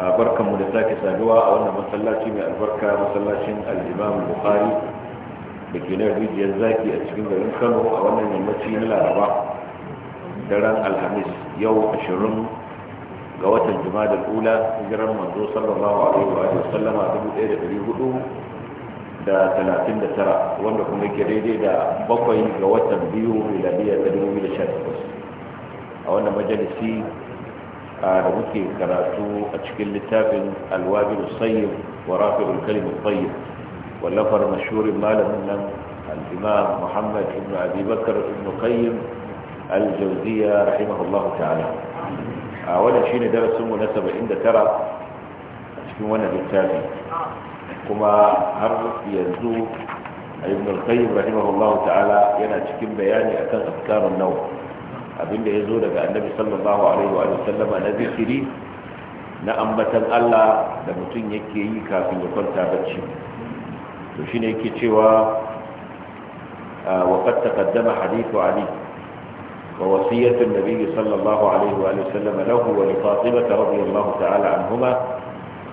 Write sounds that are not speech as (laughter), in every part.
barkanmu da sake saduwa a wannan masallaci mai albarka masallacin al'imam bukhari da ke na rijiyar zaki a cikin garin kano a wannan yammaci na laraba daren alhamis yau ashirin ga watan jima'a da kula hijirar manzo sallallahu alaihi wa sallama dubu ɗaya da ɗari hudu da talatin da tara wanda kuma ke daidai da bakwai ga watan biyu miladiyya ta dubu biyu da a wannan majalisi da muke karatu a cikin littafin alwabin sayyid wa rafi'ul kalimat sayyid wallafar mashhurin malamin nan al-imam muhammad ibn abi bakr ibn qayyim al-jawziya rahimahullah ta'ala a wannan shine darasin mu na 79 a cikin wannan littafi kuma har yanzu ibn al-qayyim rahimahullah ta'ala yana cikin bayani akan afkarun nawa abinda ya zo daga annabi sallallahu alaihi wa sallama na zikiri na ambatan Allah da mutum yake yi kafin ya kwanta bacci to shine yake cewa wa qad taqaddama hadithu ali wa wasiyatu an-nabi sallallahu alaihi wa sallama lahu wa li fatimah radiyallahu ta'ala anhuma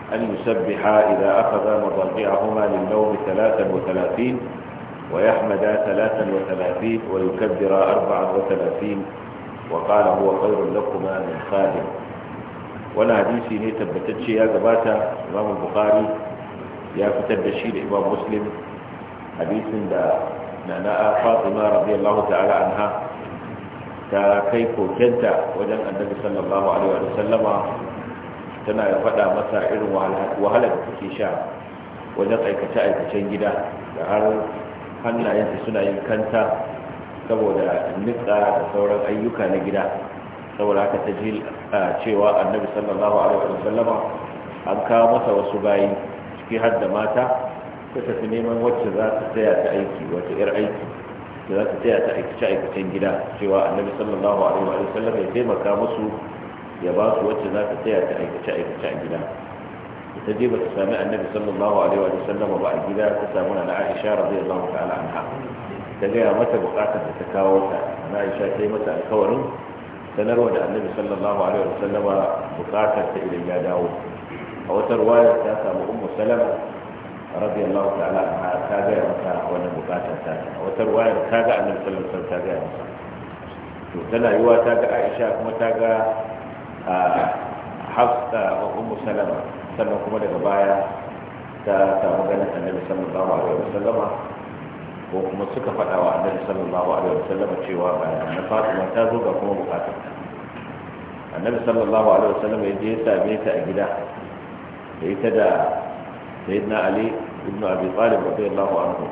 أن يسبحا إذا أخذ مضاجعهما للنوم ثلاثا وثلاثين ويحمدا ثلاثا وثلاثين ويكبرا أربعا وثلاثين وقال هو خير لكما من خادم wani hadisi ne tabbatacce ya gabata imam bukhari ya fitar da shi da imam muslim hadisin da nana fatima radiyallahu ta'ala anha ta kai kokenta wajen annabi sallallahu alaihi wa sallama tana ya faɗa masa irin wahalar da take sha wajen aikace-aikacen gida da har hannayenta suna yin kanta saboda nitsa da sauran ayyuka na gida saboda haka ta ji cewa annabi sallallahu alaihi wasallama an kawo masa wasu bayi ciki har da mata ta neman wacce za ta taya ta aiki wata yar aiki da za ta taya ta aikace aikacen gida cewa annabi sallallahu alaihi wasallama ya taimaka musu ya ba su wacce za ta taya ta aikace aikace a gida ta je ba ta sami annabi sallallahu alaihi wasallama ba a gida ta samu na Aisha radiyallahu ta'ala anha ta gaya mata bukatar da ta kawo ta na aisha ta yi mata alkawarin sanarwa da annabi sallallahu alaihi wasallama bukatar ta idan ya dawo a wata ruwaya ta samu ummu salama radiyallahu ta'ala ta gaya mata wannan bukatar ta a wata ruwaya ta ga annabi sallallahu alaihi ta gaya mata to tana yiwa ta ga aisha kuma ta ga hafsa wa ummu salama sannan kuma daga baya ta samu ganin annabi sallallahu alaihi wasallama ko kuma suka faɗa wa annabi sallallahu alaihi wasallam cewa ga annabi Fatima ta zo ga kuma bukata annabi sallallahu alaihi wasallam ya je ya same ta a gida da ita da sayyidina Ali ibn Abi Talib radiyallahu anhu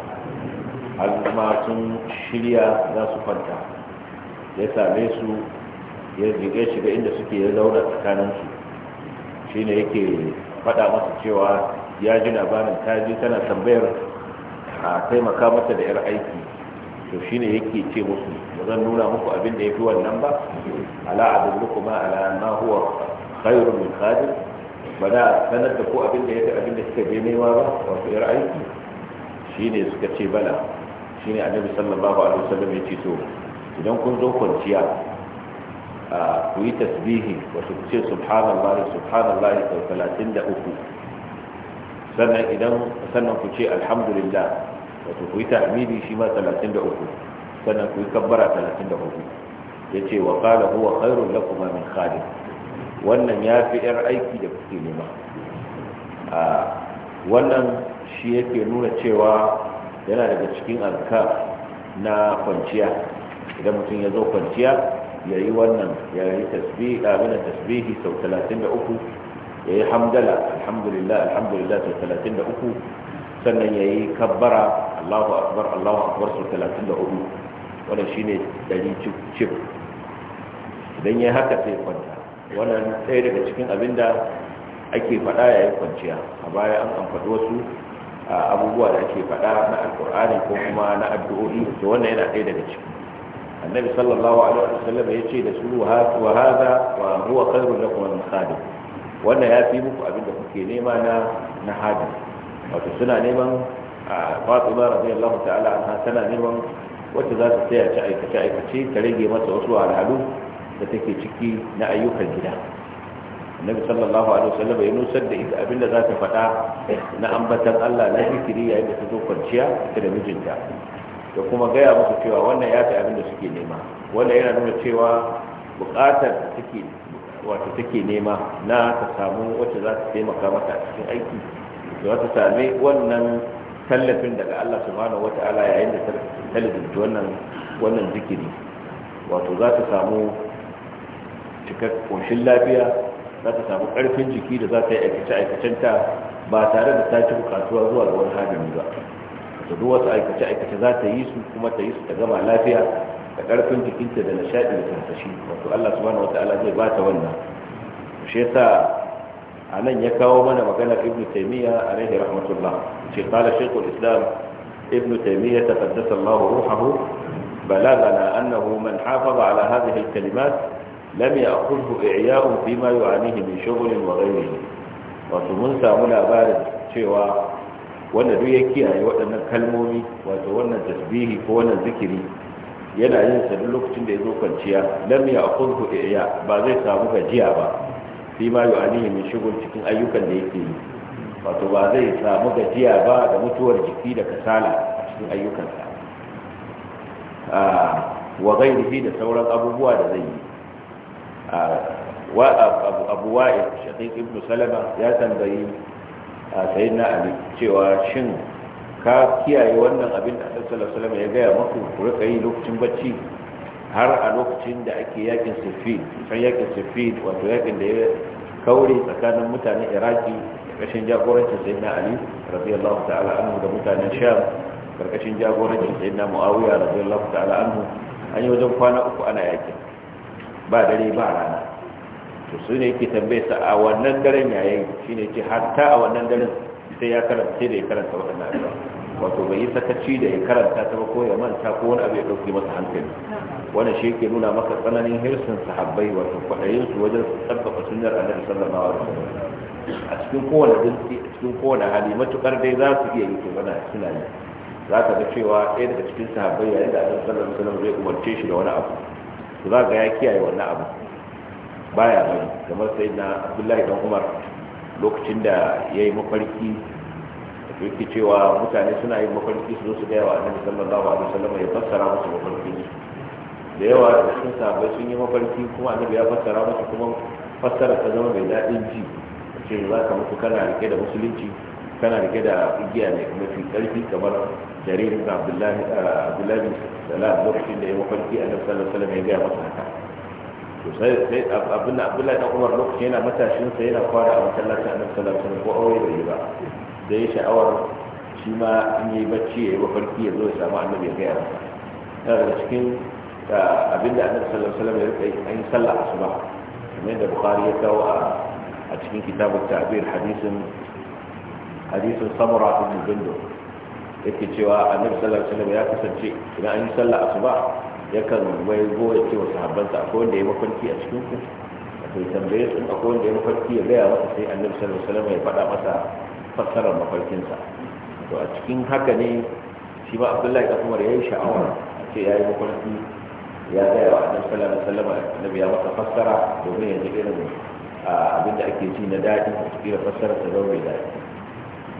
har kuma sun shirya za su kwanta ya same su ya zige shi ga inda suke ya zauna su shine yake faɗa masa cewa ya ji labarin ta ji tana tambayar a taimaka masa da yar aiki to shi shine yake ce musu ba zan nuna muku abin da ya fi wannan ba ala abin da kuma ala ma huwa khairu min khadim ba da sanar da ko abin da ya fi abin da suka je nema ba wato yar aiki Shi ne suka ce bala shine annabi sallallahu alaihi wasallam ya ce to idan kun zo kwanciya ku yi tasbihi wato ku ce subhanallahi subhanallahi 33 sannan idan sannan ku ce alhamdulillah wato ku yi tahmidi shi ma 33 sannan ku yi kabbara 34 yace wa qala huwa khairul lakum min khalid wannan ya fi yar aiki da kuke nema a wannan shi yake nuna cewa yana daga cikin alka na kwanciya idan mutum ya zo kwanciya ya yi wannan ya yi tasbihi sau 33 ya yi hamdala alhamdulillah alhamdulillah sau talatin da uku sannan ya yi kabbara allahu akbar allahu akbar sau talatin da uku wannan shi ne dari cif idan ya haka sai kwanta wannan ɗaya daga cikin abin da ake faɗa yi kwanciya a baya an amfani wasu abubuwa da ake faɗa na alkur'ani ko kuma na addu'o'i to wannan yana ɗaya daga ciki annabi sallallahu alaihi wasallam ya ce da su wa hadha wa huwa khairun lakum min khadim wannan ya fi muku abin da kuke nema na na hajji wato suna neman a fatima radiyallahu ta'ala anha tana neman wacce za ta tsaya ta aikace aikace ta rage masa wasu wahalhalu da take ciki na ayyukan gida annabi sallallahu alaihi wasallam ya nusar da ita abinda za ta faɗa na ambatan Allah na fikiri yayin da ta zo kwanciya ta da mijinta da kuma gaya musu cewa wannan ya fi abinda suke nema wannan yana nuna cewa bukatar da take wato take nema na ta samu wacce za ta taimaka mata a cikin aiki da wata sami wannan tallafin daga Allah subhanahu wata'ala yayin da ta lizinci wannan wannan zikiri wato za ta samu cikar koshin lafiya za ta samu karfin jiki da za ta yi aikace-aikacenta ba tare da ta ci kasuwa zuwa ga wani hajjami ba to duk wasu aikace-aikace za ta yi su kuma ta yi su ta gama lafiya da karfin jikinta da nishadi da tantashi wato Allah subhanahu wa ta'ala zai bata wannan shi yasa anan ya kawo mana maganar Ibn Taymiyyah alaihi rahmatullah shi qala shaykhu al-Islam Ibn Taymiyyah taqaddasa Allah ruhuhu balagana annahu man hafaza ala hadhihi al-kalimat lam ya'khudhu i'ya'u bima yu'anihi min shughlin wa ghayrihi wato mun samu labarin cewa wanda duk ya kiyaye waɗannan kalmomi wato wannan tasbihi ko wannan zikiri yana yin sa duk lokacin da ya zo kwanciya lam ya akhudhu iya ba zai samu gajiya ba sai ma yu'anihi min shughul cikin ayyukan da yake yi wato ba zai samu gajiya ba da mutuwar jiki da kasala a cikin ayyukansa wa ghairihi da sauran abubuwa da zai yi wa abu wa'il shaqiq ibn salama ya tambayi sayyidina ali cewa shin ka kiyaye wannan abin da annabi sallallahu alaihi wasallam ya gaya muku ku rika yi lokacin bacci har a lokacin da ake yakin siffin kan yakin siffin wato yakin da ya kaure tsakanin mutanen iraki karkashin jagorancin sayyidina ali radiyallahu ta'ala anhu da mutanen sham karkashin jagorancin sayyidina muawiya radiyallahu ta'ala anhu an yi wajen kwana uku ana yakin ba dare ba rana to su ne yake tambaye sa a wannan daren yayin shine ce hatta a wannan daren sai ya karanta sai da ya karanta wannan wato bai yi sakaci da ya karanta ta ba ko ya manta ko wani abu ya dauke masa hankali wannan shi ke nuna maka tsananin hirsin sahabbai wato kwaɗayin su wajen tsabbaka sunnar annabi sallallahu alaihi wasallam a cikin kowane dinki a cikin kowane hali matukar dai za su iya yi to bana suna ne. za ka ga cewa ɗaya daga cikin sahabbai yayin da annabi sallallahu alaihi wasallam zai umarce shi da wani abu to za ga ya kiyaye wannan abu baya mai kamar sai na abdullahi dan umar lokacin da yayi mafarki yake cewa mutane suna yin mafarki su su da yawa annabi sallallahu alaihi wasallam ya fassara musu mafarki da yawa da sun sabai sun yi mafarki kuma annabi ya fassara musu kuma fassara ta zama mai daɗin ji ce za ka mutu kana rike da musulunci kana rike da igiya mai mafi ƙarfi kamar jaririn abdullahi abdullahi salam lokacin da ya mafarki annabi sallallahu alaihi wasallam ya gaya masa haka to sai sai abdullahi abdullahi dan umar lokacin yana matashin sa yana fara a masallacin annabi sallallahu alaihi wasallam ko aure bai yi ba da ya sha'awar shi ma in yi bacci ya yi mafarki ya zo ya samu annabi ya gaya masa yana daga cikin ah, abinda annabi sallallahu alaihi wasallam ya rika yi an yi sallah asuba kamar yadda bukhari ya kawo a cikin kitabun ta'bir hadisin hadisin samura ibn jundub yake cewa annabi sallallahu alaihi wasallam ya kasance idan an yi sallah asuba kan mai go ya ce wa sahabbansa akwai wanda ya yi mafarki a cikin ku to tambaye su akwai wanda ya mafarki ya gaya masa sai annabi sallallahu alaihi wasallam ya faɗa masa fassarar mafarkinsa to a cikin haka ne shi ba abdullahi da umar ya yi sha'awar a ce ya yi mafarki ya gaya wa annabi sallallahu alaihi wasallam ya masa fassara domin ya ji irin abinda ake ji na daɗi kira fassara ta zama mai daɗi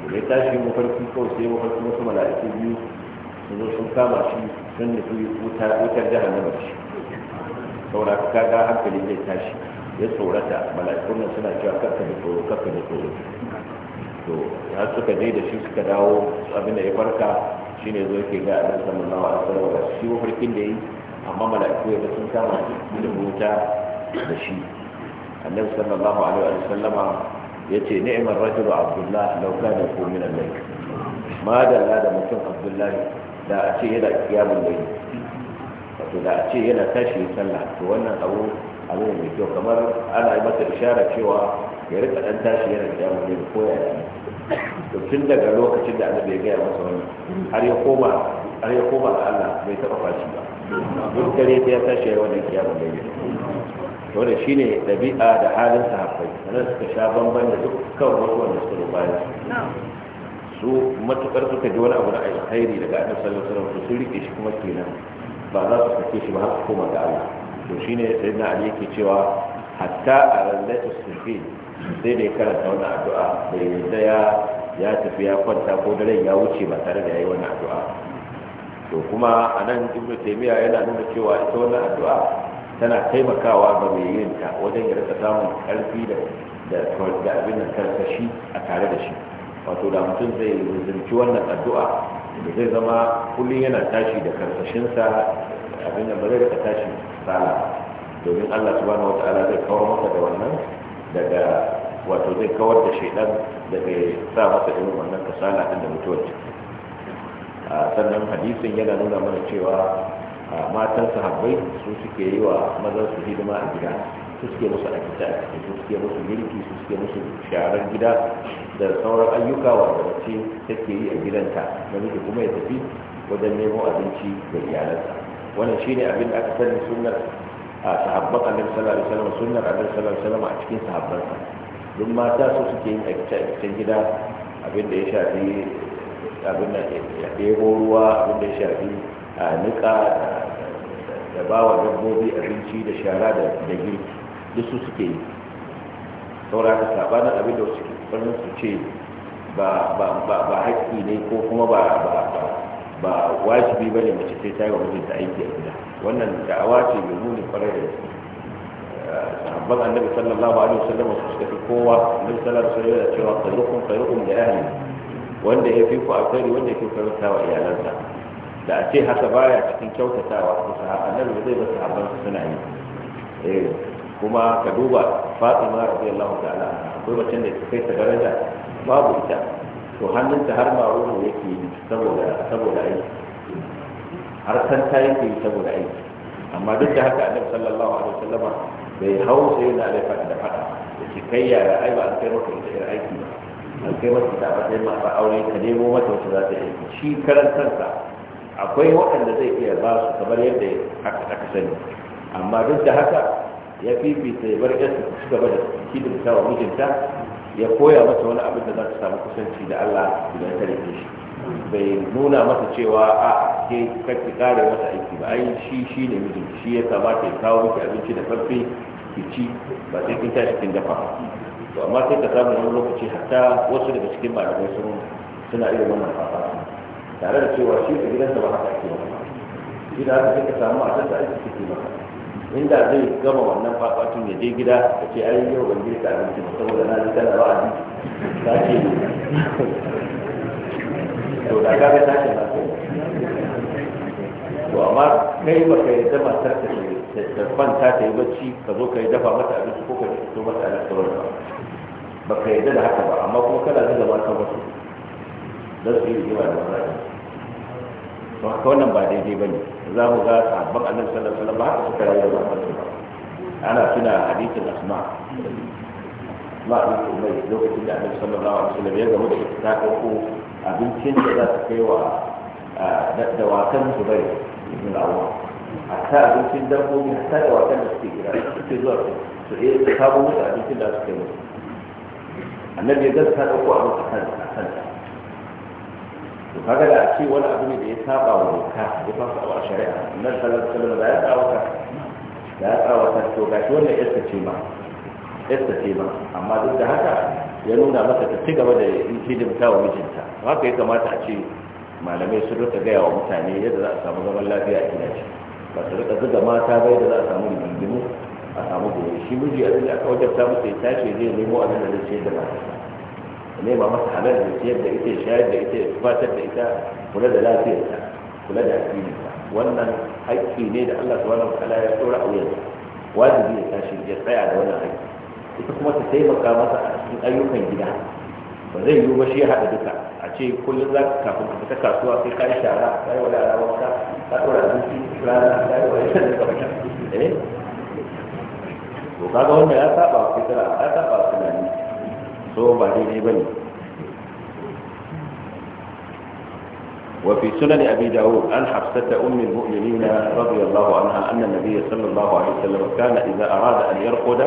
da ya tashi mafarki kawai sai mafarki wasu mala'iku biyu sun zo sun kama shi sun nufi wutar jahannama shi saboda kaga hankali zai tashi ya tsorata mala'ikun nan suna cewa kakka da tsoro kakka da tsoro to har suka je da shi suka dawo abin da ya farka shine zo yake ga annabi sallallahu a wasallam da shi mafarkin da yi amma mala'iku ya sun kama shi da mota da shi annabi sallallahu alaihi ya ce ni'mar rajulu abdullah law kana ku min al-layl ma dalla da mutum abdullahi da a ce yana kiyamun yi wato da a ce yana tashi ya sallah to wannan abu abu ne mai kyau kamar ana yi masa ishara cewa ya rika dan tashi yana kiyamun da ko ya to tun daga lokacin da annabi ya gaya masa wani har ya koma har ya koma ga Allah bai taba fashi ba duk dare ta ya tashi ya wannan kiyama da yake to da shine dabi'a da halin sahabbai nan suka sha bamban da dukkan wasu wanda suka rubaya su matukar suka ji wani abu na alkhairi daga annabi sallallahu alaihi wasallam sun rike shi kuma kenan ba za su sake shi ba har su koma ga Allah to shine sayyidina Ali yake cewa hatta a rallatu sufin sai dai karanta wani addu'a bai yarda ya ya tafi ya kwanta ko daren ya wuce ba tare da yayi wannan addu'a to kuma anan ibnu taymiya yana nuna cewa ita wannan addu'a tana taimakawa ga mai yin ta wajen ya rika samun karfi da da abin da a tare da shi wato da mutum zai zurci wannan addu'a da zai zama kullum yana tashi da karsashin sa abin da ba zai rika tashi sala domin Allah subhanahu wataala zai kawo masa da wannan daga wato zai kawar da shaidan daga sa masa irin wannan kasala din da mutuwar a sannan hadisin yana nuna mana cewa matan sahabbai su suke yi wa mazan su hidima a gida su suke musu gida su suke musu girki su suke musu sharar gida da sauran ayyuka wanda mace take yi a gidanta namiji kuma ya tafi wajen nemo abinci da iyalansa wannan shine abin da aka sani sunnar sahabban annabi sallallahu alaihi wasallam sunnar annabi sallallahu alaihi wasallam a cikin sahabbansa duk mata su suke yin aikacen gida abin ya shafi abin ya ɗebo ruwa abin ya shafi a niƙa da ba wa dabbobi abinci da shara da girki duk su suke yi saura sabanin abin da wasu ke farin su ce ba haƙƙi ne ko kuma ba wajibi ba ne mace sai ta yi wa mijinta aiki a gida wannan da'awa ce mai muni kwarai da gaske sahabban annabi sallallahu alaihi wasallam su suka fi kowa annabi sallallahu alaihi wasallam cewa khairukum khairukum li ahli wanda ya fi ku alkhairi wanda ya fi kyautata wa iyalansa da a ce haka baya cikin kyautatawa ko sahabban annabi zai ba sahabban su suna yi eh kuma ka duba Fatima radiyallahu ta'ala akwai wacce da kai ta daraja babu ita to hannunta har ma wani yake yi saboda saboda aiki har san ta yake yi saboda aiki amma duk da haka annabi sallallahu alaihi wasallam bai hau sai yana da faɗi da faɗa da ce kai yara ai ba an kai maka wata yar aiki ba an kai maka ta ba sai ma aure ka nemo mata wata za ta yi shi karan kansa akwai waɗanda zai iya ba su kamar yadda aka aka sani amma duk da haka ya fifita ya bar yarsa ta ci gaba da hidimta wa mijinta ya koya mata wani abin da za ta samu kusanci da Allah idan ta rike shi bai nuna masa cewa a ke kake kare masa aiki ba ai shi shi ne mijin shi ya kamata ya kawo miki abinci da farfe ki ci ba sai kin tashi kin dafa to amma sai ka samu wani lokaci hatta wasu daga cikin malamai sun suna irin wannan fafa tare da cewa shi a gidansa ba haka ake masa shi da haka sai ka samu a tasa aiki kike maka. inda zai gama wannan fafatun ya je gida ka ce ai yau ban girka abinci ba saboda na ji kana ba a ta ce to da ga ta ce ba to amma kai ba kai da matar ka ce da kwanta ta yi bacci ka zo ka yi dafa mata abinci ko ka fito mata da sauran ba ba ka yadda da haka ba amma kuma kana zuga mata wasu don su yi yawa da mata to haka wannan ba daidai ba ne za mu ga sabon annabi sallallahu alaihi wasallam ba haka suka rayu da mata ba ana tuna hadisin asma ma a lokacin da annabi sallallahu alaihi wasallam ya gamu da ita ta ko abincin da za su kai wa dawakan su bai rawa a ta abincin dabbobi ta dawakan da suke gida suke zuwa su iya su kawo eh, musu abincin da su kai musu annabi ya gasa dauko abin a kan a kan to kaga da a ce wani abu ne da ya saba wa doka ya su a shari'a annabi sallallahu alaihi wasallam da ya tsawata da ya tsawata to gashi wannan yasta ce ma yasta ce ma amma duk da haka ya nuna masa ta ci gaba da ta wa mijinta haka ya kamata a ce malamai su rika gaya wa mutane yadda za a samu zaman lafiya a gidaje ba su rika zuga mata ba yadda za a samu rigingimu a samu gobe shi miji a da aka wajen samu sai tashi zai nemo abin da zai ce da mata nema masa halar da ciyar da ita shayar da ita fatar da ita kula da lafiyarta kula da addininta wannan haƙƙi ne da Allah subhanahu wataala ya tsora a wuyan wajibi ya tashi ya tsaya da wannan haƙƙi ita kuma ta taimaka masa a cikin ayyukan gida ba zai yi ba shi ya haɗa duka a ce kullum za ka kafin ka fita kasuwa sai ka yi shara ka yi wada rawarka ka ka ɗora abinci rana ka yi wada shan da ka eh to kaga wanda ya saba wa fitira ya saba wa tunani so ba daidai ba ne وفي سنن أبي داود عن حفصة أم المؤمنين رضي الله عنها أن النبي صلى الله عليه وسلم كان إذا أراد أن يرقد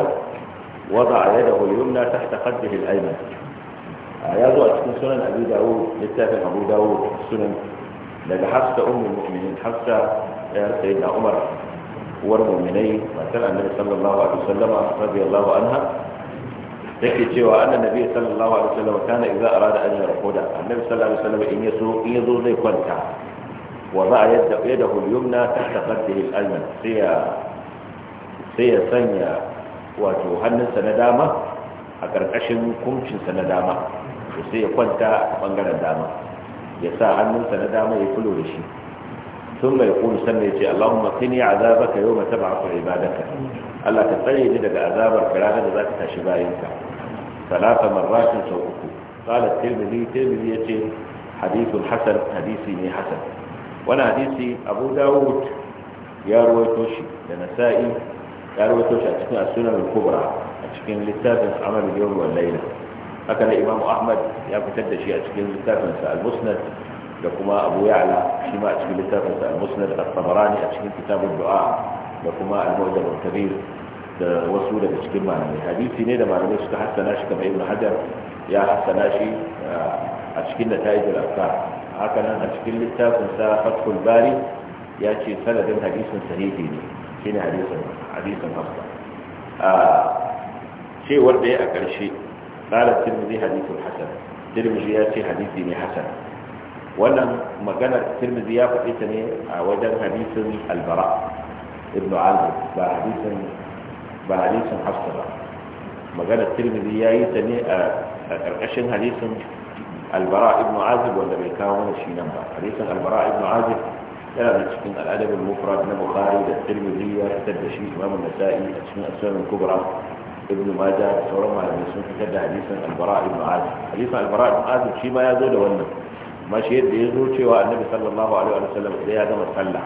وضع يده اليمنى تحت خده الأيمن ya zo a cikin sunan abu dawo littafin abu dawo sunan daga hafsa ummul mu'minin hafsa ya sai da umar uwar mu'minai matar annabi sallallahu alaihi wasallama radiyallahu anha take cewa annabi nabi sallallahu alaihi wasallam kana idza arada an yarquda annabi sallallahu alaihi wasallam in yaso in yazo zai kwanta wa za yadda yadahu al-yumna tahta qaddihi al-ayman sai ya sanya wato hannunsa na dama a ƙarƙashin kumcinsa na dama to sai ya kwanta a bangaren dama ya sa hannunsa na dama ya kulo da shi sun mai kuru sannan ya ce allahumma kini azabaka yau mata ba'a ibadaka allah ka tsare ni daga azabar ranar da za ka tashi bayanka salata marratin sau uku qala tirmidhi tirmidhi yace hadithun hasan hadisi ne hasan wani hadisi abu dawud ya rawaito shi da nasa'i ya rawaito shi a cikin as-sunan al-kubra a cikin littafin amal yau wal layla haka da imamu ahmad ya fitar da shi a cikin littafinsa al-musnad da kuma abu ya'la shi ma a cikin littafinsa al-musnad al-tabarani a cikin kitabun du'a da kuma al-mu'jam al-kabir da wasu daga cikin malamai hadisi ne da malamai suka hassana shi kamar ibn hajar ya hassana shi eh, a cikin nata'ij al-afkar haka nan a cikin littafinsa fathul bari ya ce sanadin hadisin sahihi ne shine hadisin hadisin hafsa a ah, cewar da ya a ƙarshe قال الترمذي حديث حسن الترمذي ياتي حديث ديني حسن وانا مجانا الترمذي ياتي وجد حديث البراء ابن عازب بحديث بحديث حسن مجانا الترمذي ياتي الاشن آه، حديث البراء ابن عازب ولا بيكاون شي حديث البراء ابن عازب كان من الادب المفرد من خالد الترمذي يرتد شيء امام النسائي اسماء الكبرى ibn maja da sauran malamai sun fitar da hadisin albara ibn azib hadisin albara ibn azib shi ma ya zo da wannan amma shi yadda ya zo cewa annabi sallallahu alaihi wa sallam sai ya gama sallah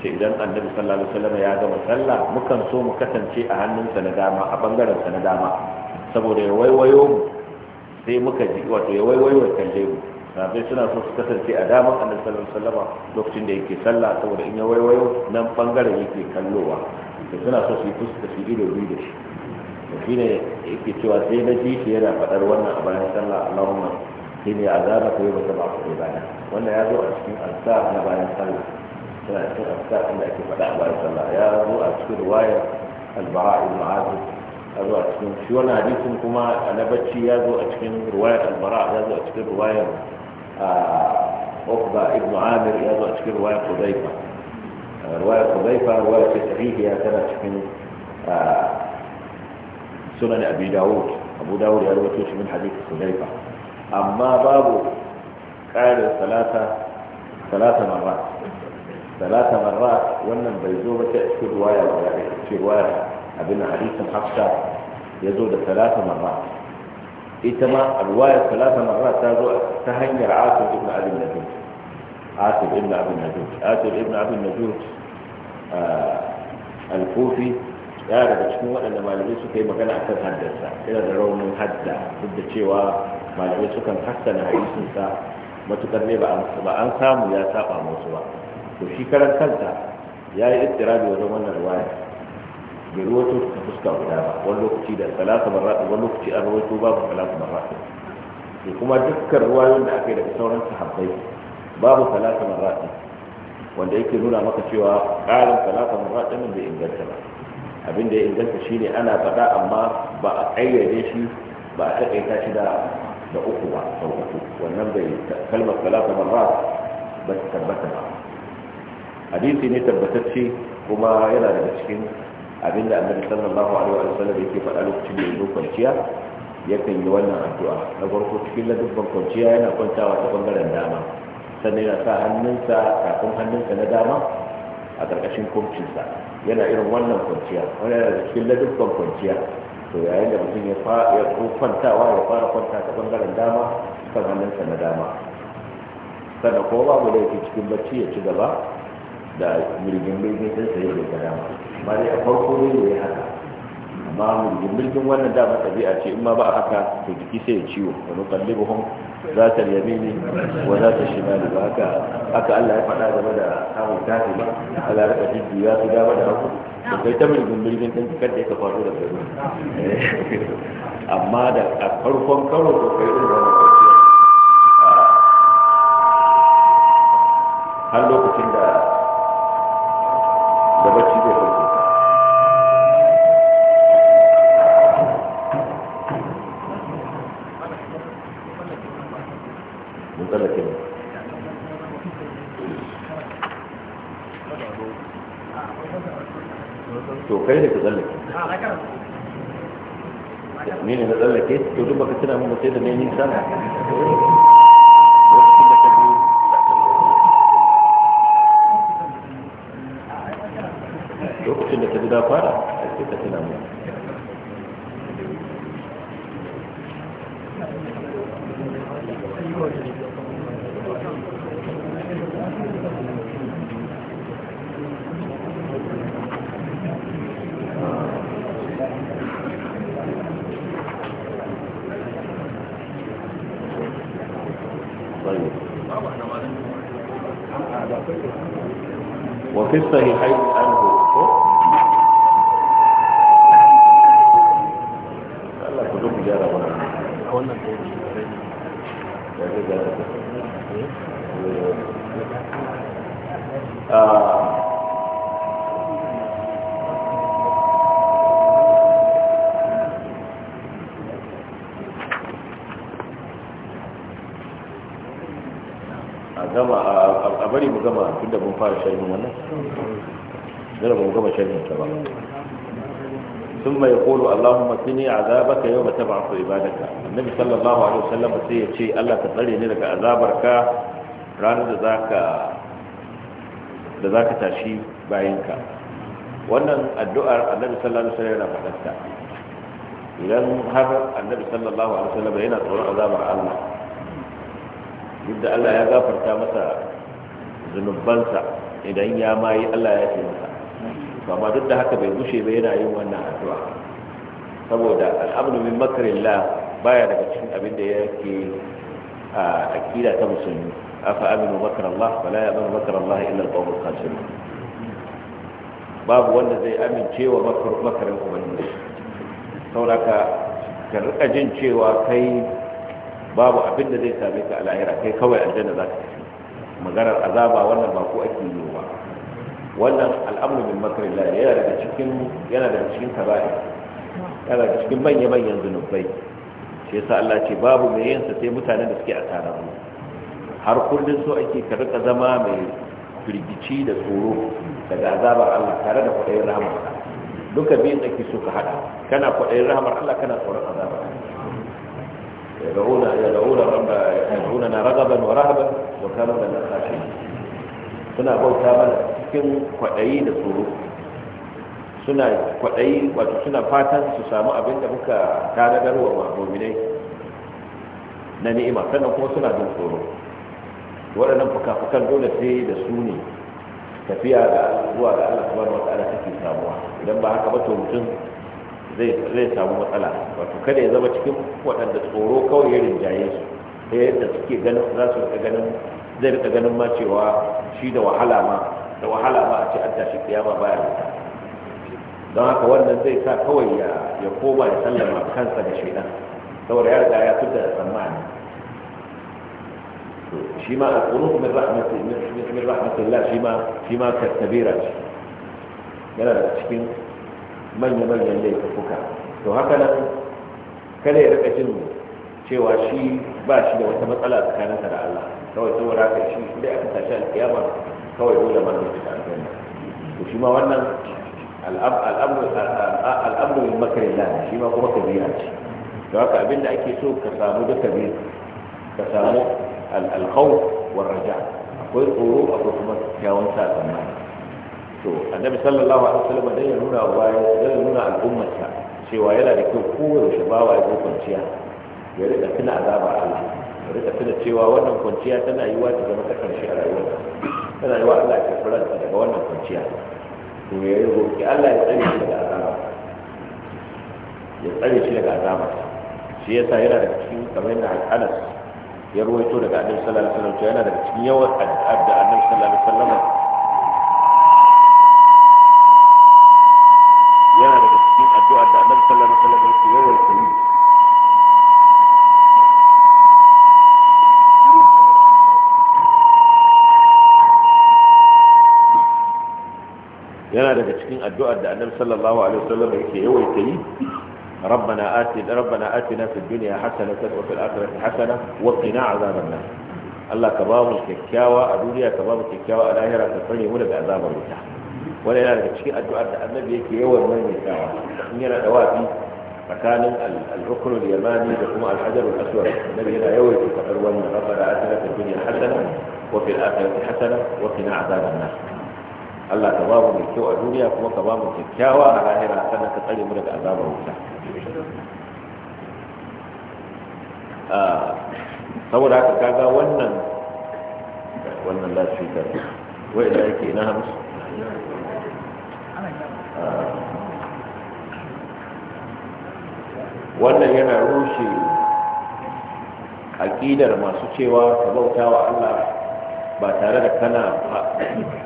ce idan annabi sallallahu alaihi wa sallam ya gama sallah mukan so mu kasance a hannunsa na dama a bangaren sa na dama saboda ya waiwayo mu sai muka ji wato ya waiwayo ya kalle mu sahabbai suna so su kasance a daman annabi sallallahu alaihi wasallam lokacin da yake sallah saboda in ya waiwayo nan bangaren yake kallowa da suna so su yi fuska su ido biyu da shi shi ne yake cewa sai na ji shi yana faɗar wannan a bayan sallah allahumma shi ne azaba ko yi masa ba ku bayan wannan ya zo a cikin azza na bayan sallah suna cikin azza inda ake faɗa a bayan sallah ya zo a cikin ruwayar albara ibn azib ya zo a cikin shi wani hadisin kuma a na bacci ya zo a cikin ruwaya albara ya zo a cikin ruwayar ukba ibn amir ya zo a cikin ruwaya hudayfa ruwaya hudayfa ruwaya ce sahihiya tana cikin سنن أبي داود أبو داود يروتوش من حديث خزيفة أما باب قال ثلاثة ثلاثة مرات ثلاثة مرات وانا بيزوبة في رواية في رواية أبينا حديث حفصة يزود ثلاثة مرات إتما الرواية ثلاثة مرات تازو تهنجر عاصم ابن أبي النجوم عاصم ابن أبي النجوم عاصم ابن أبي النجوم الكوفي ya daga cikin waɗanda malamai suka yi magana a kan haddarsa yana da raunin hadda duk da cewa malamai sukan hassana hadisinsa matukar ne ba an samu ya saba musu ba to shi karan kanta ya yi istirabi wajen wannan ruwaya bai ruwato ta fuska guda ba wani lokaci da salasa barraɗi wani lokaci an ruwato babu salasa barraɗi da kuma dukkan ruwayoyin da aka yi daga sauran sahabbai babu salasa barraɗi wanda yake nuna maka cewa ƙarin salasa barraɗi ne bai inganta ba abin da ya inganta shine ana faɗa amma ba a ƙayyade shi ba a taƙaita shi da da uku ba uku wannan bai kalmar talata marra ba ta tabbata ba hadisi ne tabbatacce kuma yana daga cikin abin da annabi sallallahu alaihi wa sallam yake faɗa lokacin da yake kwanciya yakan yi wannan addu'a na farko cikin ladabban kwanciya yana kwantawa ta bangaren dama sannan yana sa hannunsa kafin hannunsa na dama a ƙarƙashin kurcinsa yana irin wannan kwanciya wani yana da cikin ladubban kwanciya to yayin da mutum ya kwantawa ya fara kwanta ta ɓangaren dama kan hannunsa na dama sannan kuma babu da yake cikin bacci ya ci gaba da mirgin mirgin sai ya ga dama amma dai a farko ne ya haka amma mulkin mulkin wannan dama ɗabi'a ce in ma ba a haka to jiki sai ya ciwo wa nuqallibu hum za ta yamini wa za ta shimali ba haka haka Allah ya faɗa game da samun tafi ba Allah ya rika jujjuya su dama da hagu to kai ta mulkin mulkin din kan da ya faru da kai eh, (laughs) amma da a farkon karo ko kai irin wannan gama a bari mu gama tunda mun fara sharhin wannan dole mu gama sharhin ta ba ثم يقول اللهم قني عذابك يوم تبعث عبادك النبي صلى الله عليه وسلم sai ya ce Allah ka tsare ni daga azabarka ranar da zaka da zaka tashi bayinka wannan addu'ar annabi sallallahu alaihi wasallam yana faɗa idan har annabi sallallahu alaihi wasallam yana tsoron azabar Allah duk da Allah ya gafarta masa zunubansa idan ya mayi Allah ya ce masa amma duk da haka bai gushe ba yana yin wannan addu'a saboda al'amru min makrillah baya daga cikin abin da yake a akida ta musulmi afa aminu makrallah fala ya'manu makrallah illa al-qawmul khasirun babu wanda zai amince wa makarin ubangiji sauraka ka rika jin cewa kai babu abin da zai same ka a lahira kai kawai aljanna za ka tafi maganar azaba wannan ba ko ake yi ba wannan al'amru bin makarillah yana daga cikin yana daga cikin kaba'ir yana daga cikin manya manyan zunubai shi yasa Allah ce babu mai yin sa sai mutanen da suke a tare mu har kullun so ake ka rika zama mai firgici da tsoro daga azabar Allah tare da kwaɗayin rahamar duka biyun ake so ka haɗa kana kwaɗayin rahama Allah kana tsoron azabar يدعون يدعون رب يدعوننا رغبا ورهبا وكانوا لنا خاشعين suna bauta mana cikin kwaɗayi da tsoro suna kwaɗayi wato suna fatan su samu abin da muka tanadar wa na ni'ima sannan kuma suna jin tsoro waɗannan fuka-fukan dole sai da su ne tafiya da zuwa da Allah subhanahu wa ta'ala take samuwa idan ba haka ba to mutum zai samu matsala wato kada ya zama cikin waɗanda tsoro kawai ya rinjaye su ta yadda suke ganin za su rika ganin zai rika ganin ma cewa shi da wahala ma da wahala ma a ce an tashi kiyama baya wuta don haka wannan zai sa kawai ya koma ya sallama kansa da shaidan saboda ya riga ya fitar da tsammani shi ma a min rahmatin min rahmatin Allah shi ma shi ma kabira yana da cikin manya-manyan laifuka to haka nan kada ya rika jin cewa shi ba shi da wata matsala tsakaninsa da Allah kawai saboda haka shi da aka tashi alkiyama kawai dole ma zai fita aljanna to shi ma wannan al'amru makarillah shi ma kuma kabira ce to haka abinda ake so ka samu da kabira ka samu al-khawf war raja akwai tsoro akwai kuma kyawun sa tsammani to annabi sallallahu alaihi wasallam dai ya nuna wa ya nuna al'ummarsa cewa yana da kyau ba wa ya kwanciya ya rika tuna azabar Allah ya rika tuna cewa wannan kwanciya tana yiwa ta zama ta karshe a rayuwarsa tana yiwa Allah ya karɓi ranta daga wannan kwanciya to ya yi roƙi Allah ya tsare shi daga azaba ya tsare shi daga azaba shi yasa yana da cikin kamar yadda Anas ya ruwaito daga Annabi sallallahu alaihi wasallam yana da cikin yawan addu'a Annabi sallallahu alaihi wasallam addu'a da annabi sallallahu alaihi wasallam ربنا آتنا ربنا آتنا في الدنيا حسنة وفي الآخرة حسنة وقنا عذاب النار الله كباب الكيكاوى الدنيا كباب الكيكاوى الآخرة تصني ولا بعذاب الله ولا لا تشكي الدعاء النبي يكي يوم من حمير دوافي مكان الركن اليماني بحمى الحجر الأسود الذي لا يوجد تقرون ربنا أثنى في الدنيا حسنه وفي الآخرة حسنه وقنا عذاب الناس الله تضام من كوى الدنيا كما تضام من كوى على هنا أثنى تقلي من الأعذاب الموسى صور آه، هذا كذا ونن ونن لا شيء كذا وإلا يكي نهمس wannan yana rushe aƙidar masu cewa ka bauta wa Allah ba tare da kana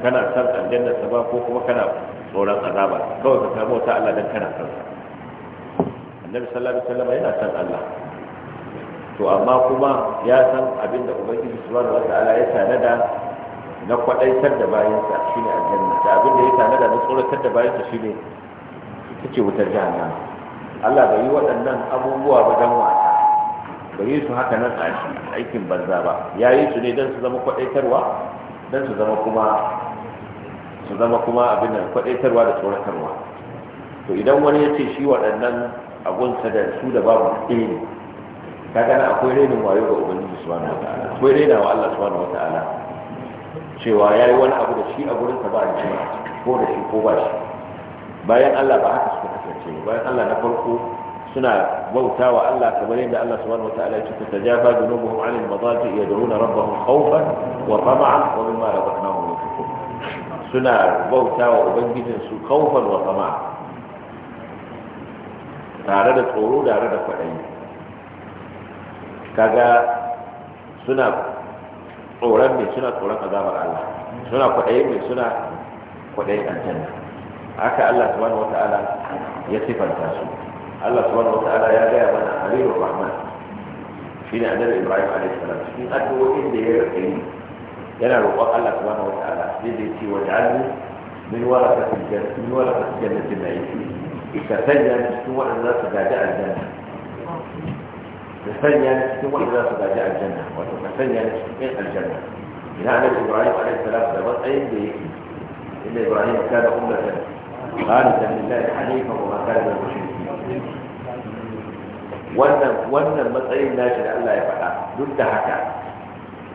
kana san aljannarsa ba ko kuma kana tsoron azaba kawai ka samu ta Allah dan kana san annabi sallallahu alaihi wasallam yana san Allah to amma kuma ya san abinda ubangiji subhanahu ta'ala ya tanada na kwadaitar da bayansa shine aljanna da abinda ya tanada na tsoratar da bayansa shine kace wutar jahannama Allah bai yi waɗannan abubuwa ba don wasa bai yi su haka nan a aikin banza ba ya yi su ne don su zama kwaɗaitarwa don su zama kuma su zama kuma abin da kwaɗaitarwa da tsoratarwa to idan wani ya ce shi waɗannan abunsa da su da babu ɗaya ne ka gana akwai renin wayo ga ubangiji subhanahu wataala akwai rena wa Allah subhanahu wataala cewa ya yi wani abu da shi a gurin sa ba a ko da shi ko ba shi bayan Allah ba haka kasance bayan Allah na farko suna bauta wa Allah kamar yadda Allah subhanahu wataala ya ce ta tajafa dunubuhum an al-madaji yad'una rabbahum khawfan wa tama'an wa mimma razaqnahum yunfiqun suna bauta wa ubangijin su khawfan wa tama'an tare da tsoro tare da kwaɗayi kaga suna tsoron mai suna tsoron azabar Allah suna kwaɗayi mai suna kwaɗayin aljanna haka Allah subhanahu wata'ala ya sifanta su Allah subhanahu wata'ala ya gaya mana halilur rahman shine annabi Ibrahim alayhi salam cikin addu'o'in da ya rike yi yana roƙon Allah subhanahu wata'ala sai ci wa ta'ala min warakatil jannati min warakatil jannati na'im ka sanya ni cikin waɗanda za su gaji aljanna ka sanya ni cikin waɗanda za su gaji aljanna wato ka sanya ni cikin aljanna ina annabi Ibrahim alayhi salam da matsayin da yake inda Ibrahim kana ummatan خالدا لله حنيفا وما كان wannan wannan matsayin nashi da Allah ya faɗa duk da haka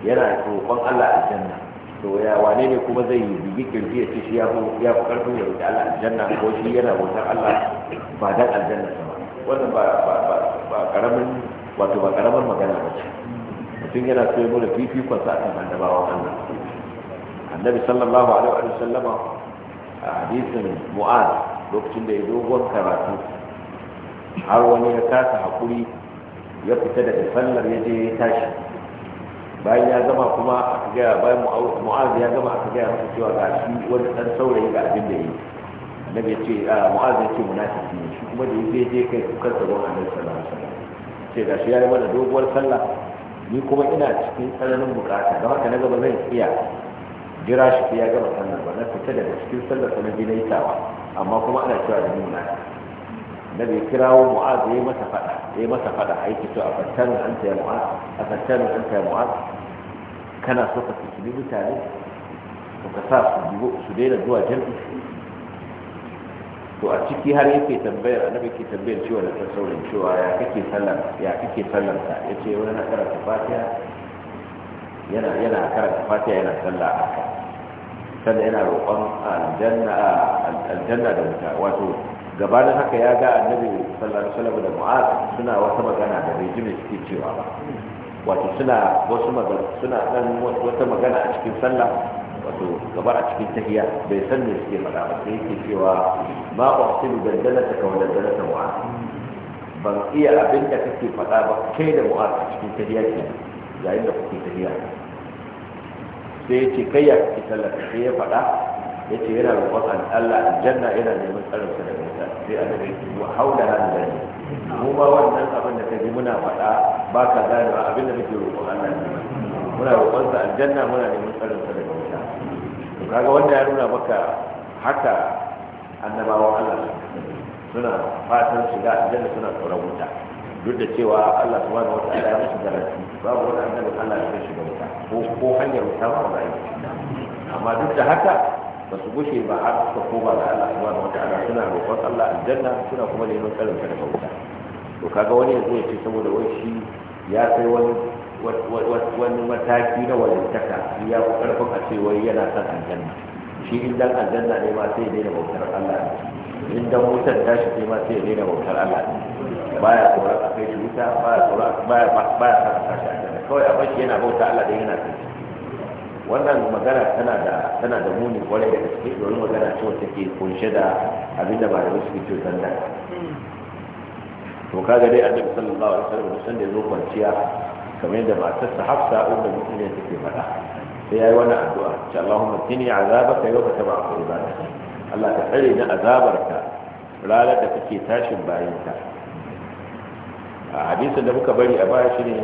yana roƙon Allah aljanna to ya wane ne kuma zai yi bigi kirji ya ce shi ya fi ya fi karfin ya roƙi Allah aljanna ko shi yana bautar Allah ba dan aljanna ba wannan ba ba ba karamin wato ba karamin magana ba ce mutum yana so ya nuna fifikon sa akan annabawan Allah annabi sallallahu alaihi wa sallama a hadisin mu'az lokacin da ya dogon karatu har wani ya kasa hakuri ya fita daga sallar ya je ya tashi bayan ya gama kuma aka gaya bayan mu'az ya gama aka gaya masa cewa ga shi wani dan saurayi ga abin da yi annabi ya ce mu'az ya ce munafiki ne shi kuma da ya je kai kukan sa gwamnati annabi sallallahu alaihi wasallam ce ga shi ya yi mana doguwar sallah ni kuma ina cikin tsananin bukata don haka na gaba zan iya jira shi ya gama sallar ba na fita daga cikin sallar sa na ba amma kuma ana cewa da nuna na bai kirawo mu'az ya yi masa fada ya yi masa fada aiki to a fattarin an ta mu'az a fattarin an ta mu'az kana so ka tsibi mutane to ka sa su daina zuwa jami'i to a ciki har yake tambayar annabi ke tambayar cewa da saurin cewa ya kake sallar ya kake sallar ta yace wani na karanta fatiha yana yana karanta fatiha yana sallah haka sannan yana roƙon aljanna da wuta wato gabanin haka ya ga annabi sallallahu alaihi da mu'az suna wata magana da bai ji suke cewa ba wato suna wasu magana suna dan wata magana a cikin sallah wato gaba a cikin tahiya bai san me suke faɗa ba sai yake cewa ma uhsilu dandalata ka wa dandalata mu'az ban iya abin da kake faɗa ba kai da mu'az a cikin tahiya ke yayin da kuke tahiya sai ya ce kai ya fi sallar sai ya faɗa ya ce yana roƙon Allah aljanna yana neman tsarin sa daga wuta sai a ya ce wa da hada mu ba wannan abin da kaje muna faɗa ba ka gane ba abin da muke roƙon Allah ne muna roƙon sa aljanna muna neman tsarin sa da. wuta to kaga wanda ya nuna maka haka annabawan Allah suna fatan shiga aljanna suna tsoron wuta duk da cewa Allah subhanahu wa ta'ala ya musu garanti babu wani annabin Allah da zai shiga wuta ko ko hanyar wuta ba ba yi amma duk da haka ba su gushe ba har suka koma ga Allah subhanahu wa ta'ala suna roƙon Allah aljanna suna kuma neman tsarin ta daga wuta to kaga wani yanzu ya ce saboda wai shi ya kai wani wani mataki na walintaka ya fi karfin a ce wai yana son aljanna shi in dan aljanna ne ma sai ya daina bautar Allah in dan wutar tashi ne ma sai ya daina bautar Allah ne baya tsoron a kai shi wuta baya tsoron baya baya sa ka tashi aljanna kawai a bashi yana bauta Allah da yana kai wannan magana tana da tana da muni kwarai da gaske domin magana ce wacce ke kunshe da abin da ba da wasu ke sanda to kaga dai annabi sallallahu alaihi wasallam san da zo kwanciya kamar yadda matar sa Hafsa ummu mu'minin take faɗa sai yayi wannan addu'a insha Allahumma tini azabaka yawma tab'u ibadaka Allah ka tsare ni azabarka ranar da kake tashin bayinka hadisin da muka bari a baya shi ne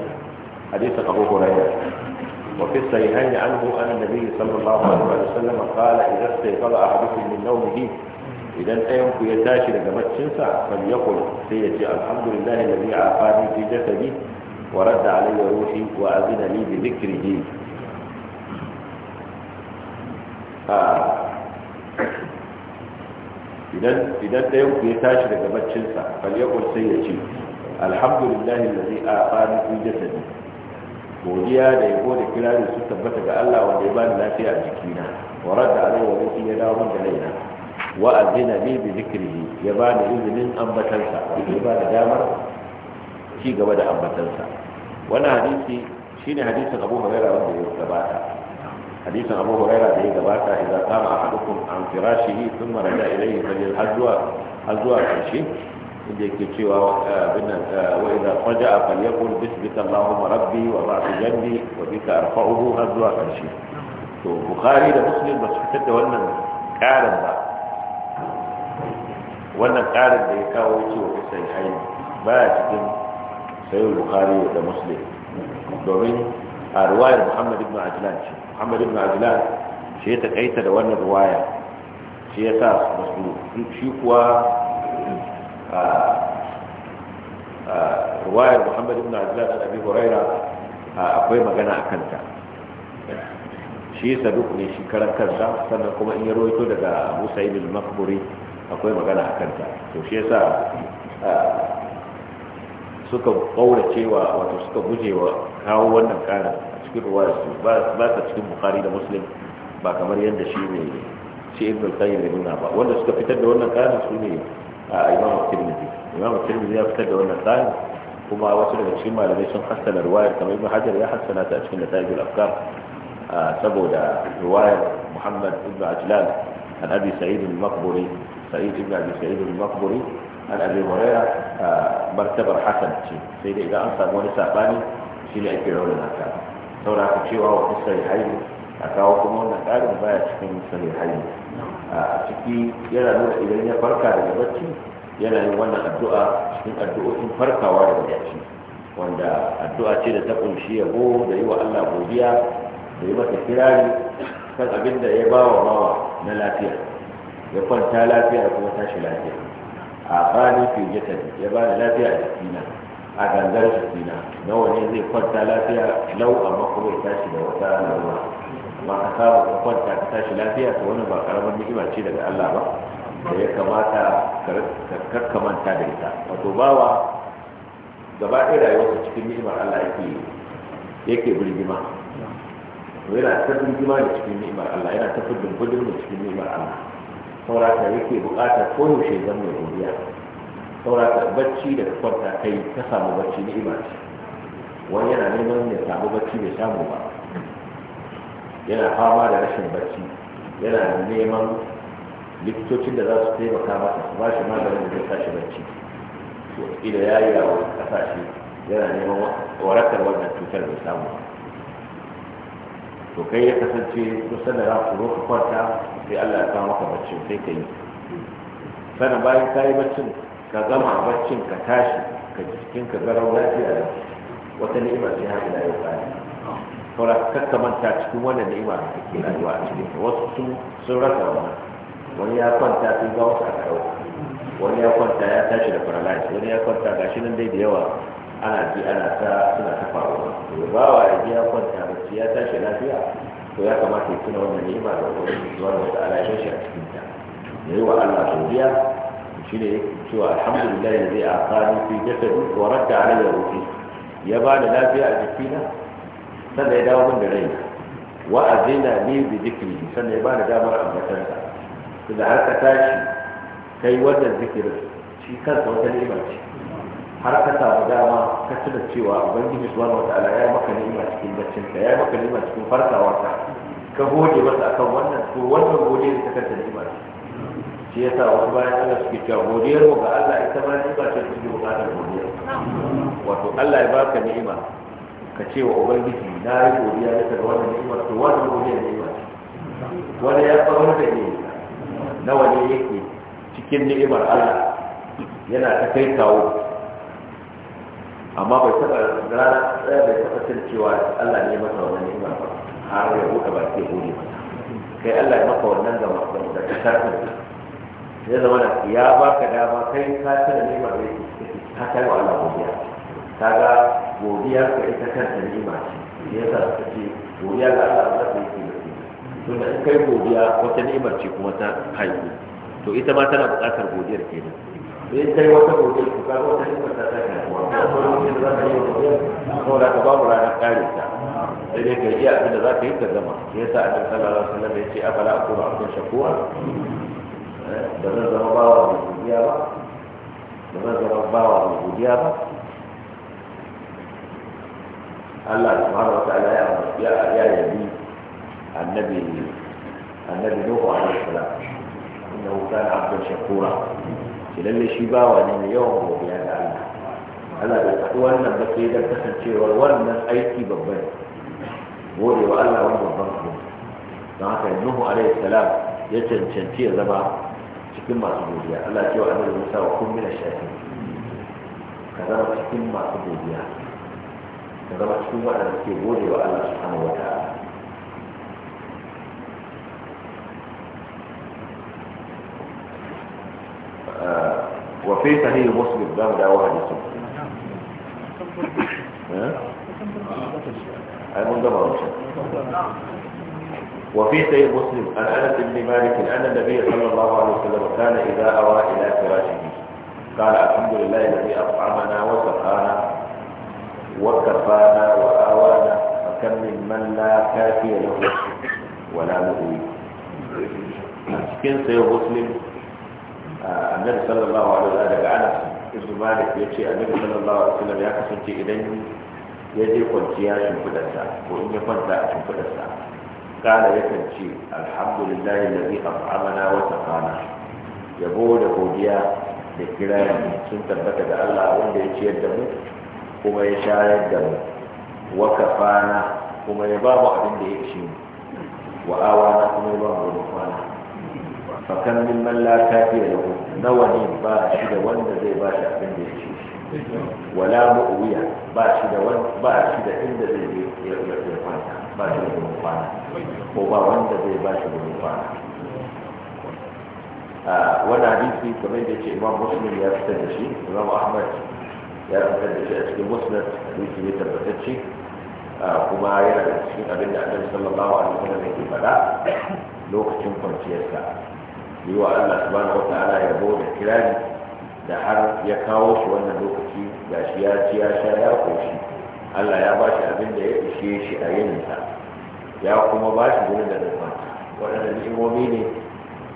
hadisin abu huraira wa وفي الصحيحين عنه أن النبي صلى الله عليه وسلم قال إذا استيقظ أحدكم min نومه idan ku ya tashi daga baccin baccinsa fal yakul sai ya ce alhamdulillah alladhi afani fi jasadi wa radda alayya ruhi wa azina li bi dhikrihi idan idan ku ya tashi daga baccin baccinsa fal yakul sai ya ce alhamdulillahi allazi afani fi jasadi godiya da yabo da kirari su tabbata ga Allah wanda ya bani lafiya a jikina wa radda alaihi wa ruhi ya dawo min da raina wa azina li bi zikrihi ya bani izinin ambatansa ya bani damar ci gaba da ambatansa wannan hadisi shine hadisin Abu Hurairah wanda ya gabata hadisin Abu Hurairah da ya gabata idan kama a ahadukum an firashihi thumma raja ilayhi falyal hajwa hajwa karshe واذا فجا فليقل بسبك اللهم ربي وضعت جنبي وبك ارفعه هزوا فرشي تو بخاري ده بس حتى ده وانا قارن ده وانا قارن ده يكاو يتي باش كن سيو البخاري لمسلم. دومين رواية محمد بن عجلان محمد بن عجلان شي تكايتا ده وانا رواية شي بس مسلم شي كوا ruwayar muhammad ibn abdullah da abi huraira akwai magana a kanta shi saduk ne shi karan kansa sannan kuma in ya rawaito daga musa ibn makburi akwai magana a kanta to shi yasa suka kaura cewa wato suka gujewa kawo wannan karin a cikin ruwayar su ba ta cikin bukari da muslim ba kamar yadda shi ne shi ibn al-qayyim ya nuna ba wanda suka fitar da wannan karin su ne a imamu tirmidhi imamu tirmidhi ya fitar da wannan tsarin kuma wasu daga cikin malamai sun hassana ruwayar kamar ibn hajar ya hassana ta a cikin natajul afkar saboda ruwayar muhammad ibn ajlan an abi sa'id al-maqburi sa'id ibn abi sa'id al-maqburi an abi huraira martabar hasan ce sai da idan an samu wani sabani shi ne ake rawar haka saboda haka cewa wa kusa hayi a kawo kuma wannan ƙarin baya cikin sahih hayi a ciki yana nuna idan ya farka daga bacci yana yin wannan addu'a cikin addu'o'in farkawa daga bacci wanda addu'a ce da ta kunshi yabo da yi wa Allah godiya da yi masa kirari kan abin da ya ba wa bawa na lafiya ya kwanta lafiya da kuma tashi lafiya a bani fiye ya ba da lafiya a jikina a gangar jikina nawa ne zai kwanta lafiya lau amma kuma ya tashi da wata ruwa? ba ka saba ka kwanta ka tashi lafiya to wani ba karamar ni'ima ce daga Allah ba da ya kamata ka kakkamanta da ita wato bawa gaba ɗaya rayuwarsa cikin ni'imar Allah yake yake birgima yana ta birgima da cikin ni'imar Allah yana ta fudin fudin da cikin ni'imar Allah saurata yake buƙatar yaushe zan mai godiya saurata bacci da kwanta kai ta samu bacci ni'ima ce wani yana neman ya samu bacci bai samu ba yana fama da rashin barci yana neman likitocin da za su taimaka masa su ba shi maganin da zai tashi barci wakila ya yi a wasu kasashe yana neman warakar wannan cutar da samu to kai ya kasance kusan da za ku zo kwanta sai allah ya kawo maka barci sai ka yi sannan bayan ka yi barcin ka gama barcin ka tashi ka jikin ka garau lafiya wata ni'ima ce har ila yau saura kakka manta cikin wannan ima da ke rayuwa a cikin ta wasu sun sun rasa wani wani ya kwanta sun ga wasu a kawo wani ya kwanta ya tashi da paralysis wani ya kwanta shi nan dai da yawa ana ji ana ta suna ta faruwa to ba wa ya kwanta bacci ya tashi lafiya to ya kamata ya tuna wannan ni'ima da wani zuwan wata ala ya shi a cikin ta yi wa Allah godiya ne cewa alhamdulillah ya zai kani fi jasadu wa radda alayya ruhi ya ba da lafiya a jikina sannan ya dawo min da rai wa azina ni bi zikri sannan ya bani damar ambatar sa tunda har ka tashi kai wannan zikirin shi kansa wata ni'ima ce har ka samu dama ka tuna cewa ubangiji subhanahu wataala ya maka ni'ima cikin baccin ka ya maka ni'ima cikin farkawa ka ka gode masa akan wannan to wannan gode da ta kanta ni'ima ce shi sa wasu bayan Allah suke cewa godiyar mu ga Allah ita ma ni'ima ce cikin bukatar godiya wato Allah ya baka ni'ima ka ce wa ubangiji na yi godiya da ta wannan ni'imar to wannan godiya ni'ima ce wani ya wani da ne nawa ne yake cikin ni'imar Allah yana ta kai kawo amma bai taba rana tsaya bai taɓa cin cewa Allah ne masa wannan ni'imar ba har ya buɗe ba ke gode masa kai Allah ya maka wannan gama da ta tafi ya zama da ya baka dama kai ka tana ni'imar ne ka kai wa Allah godiya kaga godiya ka ita kanta ne ce ya sa ta ce godiya ga Allah Allah ta yi da to da in kai godiya wata ni'imar ce kuma ta haihu to ita ma tana buƙatar godiyar kenan me in kai wata godiyar to kaga wata ni'imar ta ta haihuwa to lokacin da za ka yi godiyar saboda ka babu ranar kare ta sai dai ka iya abin da za ka yi ka gama ya sa annabi sallallahu alaihi wasallam ya ce afala akuna akun shakuwa da eh, zan zama bawa mai godiya ba da zan zama bawa mai godiya ba Allah subhanahu wa ta'ala ya ya yabi annabi annabi Nuhu alaihi salam innahu kana abdan shakura shi lalle shi bawa ne mai yawan godiya ga Allah Allah bai faɗi wannan ba sai dan kasancewar wannan aiki babban gode wa Allah wani babban ku don haka Nuhu alaihi salam ya cancanci ya zama cikin masu godiya Allah ya ce wa annabi Musa wa kun mina shafi ka zama cikin masu godiya ka zama على الكيبورد suke سبحانه وتعالى وفي صحيح مسلم ده ده واحد اسمه أي من ده وفي صحيح مسلم عن انس بن مالك ان النبي صلى الله عليه وسلم كان اذا اوى الى فراشه قال الحمد لله الذي اطعمنا وسقانا وكفانا وآوانا فكم ممن لا كافي له ولا مؤوي cikin sayo muslim annabi sallallahu alaihi wasallam daga anas ibn malik ya ce annabi sallallahu alaihi wasallam ya kasance idan ya je kwanciya shimfidarsa ko in ya kwanta a shimfidarsa kala yakan ce alhamdulillahi alladhi at'amana wa saqana yabo da godiya da kirari sun tabbata da Allah wanda ya ciyar da mu kuma ya shayar da mu wa kafana kuma ya ba mu abin da ya ishe mu wa na kuma ya ba mu da kwana fakan min man la kafiya lahu nawa ne ba shi da wanda zai ba shi abin da ya ishe shi wala mu'wiya ba shi da wanda ba shi da inda zai je ya kwana ba shi da wani kwana ko ba wanda zai ba shi wani kwana ah, wannan hadisi kamar da ce imam muslim ya fitar da shi imam ahmad ya fitar da shi a cikin musnad hadisi ne tabbatacce kuma yana da cikin abin da annabi sallallahu alaihi wasallam yake faɗa lokacin kwanciyarsa yi wa Allah subhanahu wataala ya bo da kirari da har ya kawo shi wannan lokaci ga shi ya ci ya sha ya koshi Allah ya ba shi abin da ya ishe shi a yininsa ya kuma ba shi gurin da zai kwanta waɗanda ni'imomi ne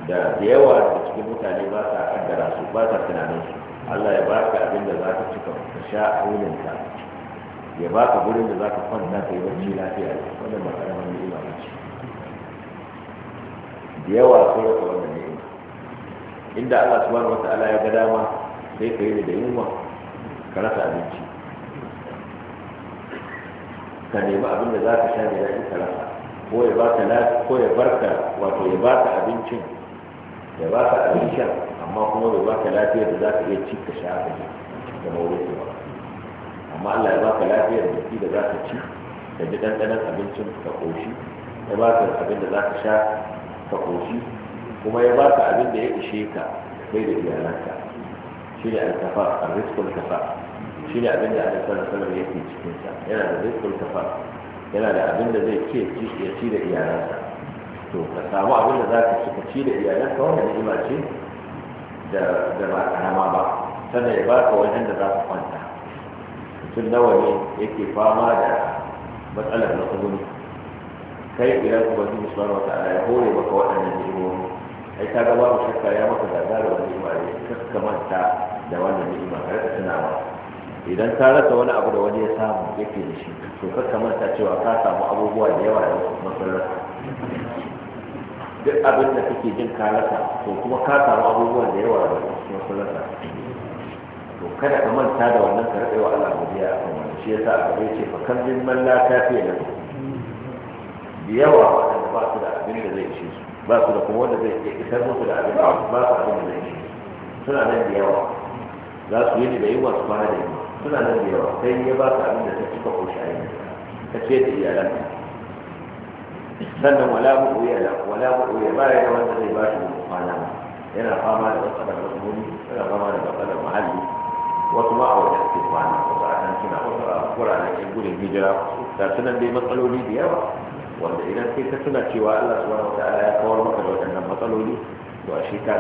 da yawa da cikin mutane ba sa kaddara su ba sa tunanin su Allah ya baka abin da zaka cika ka sha a wurin ka ya baka gurin da zaka kwanta yi bacci lafiya wannan ba karamar ni'ima ba ce da yawa sai rasa wannan ni'ima inda Allah subhanahu wata'ala ya ga dama sai ka yi da yunwa ka rasa abinci ka nemi abin da zaka sha da ya ka rasa ko ya baka ko ya barka wato ya baka abincin ya ba ka abin sha amma kuma bai ba ka lafiyar da za ka iya ci ka sha ka da mawuyi ba amma Allah ya ba ka da jiki da za ka ci ka ji ɗanɗanon abincin ka ƙoshi ya ba ka abin da za ka sha ka ƙoshi kuma ya ba ka abin da ya ishe ka kai da iyalanka shi ne alkafa a rizkul kafa shi ne abin da Allah sallallahu alaihi wasallam yake cikin sa yana da rizkul kafa yana da abin da zai ce ya ci da iyalansa to ka samu abin da za ka ci ka ci da iyalanka wanda ni'ima ce da ba karama ba sannan ya baka wajen da za ka kwanta mutum nawa ne yake fama da matsalar na matsaloli kai idan kuma su musulman wata ala ya hore maka waɗannan ni'imomi ai ka ga babu shakka ya maka gaza da wani ni'ima ne ka manta da wannan ni'ima ka rika tunawa idan ka rasa wani abu da wani ya samu yake da shi to kakka manta cewa ka samu abubuwa da yawa da masu rasa duk abin da kake jin kalasa, to kuma ka samu abubuwan da yawa da kuma kulata to kada ka manta da wannan ka rabewa Allah godiya a wannan shi yasa a gaba ce fa kan min man la kafiya da yawa wanda ba su da abin da zai ishe su ba su da kuma wanda zai iya isar musu da abin da ba su abin da zai ishe su, suna nan da yawa za su yi ne da yi su kwana da yawa suna nan da yawa sai ya ba su abin da ta cika ko shi a yi ta ce da iyalanka sannan wala mu'uya da wala mu'uya ba ya wanda zai ba shi kwana yana fama da matsalar rasmuni yana fama da matsalar muhalli wasu ma a wajen ke kwana wasu a kan suna wasu a wuraren cikin gudun hijira ga sunan dai matsaloli da yawa wanda idan sai ka tuna cewa Allah su wata ala ya kawar maka da waɗannan matsaloli to a shi ga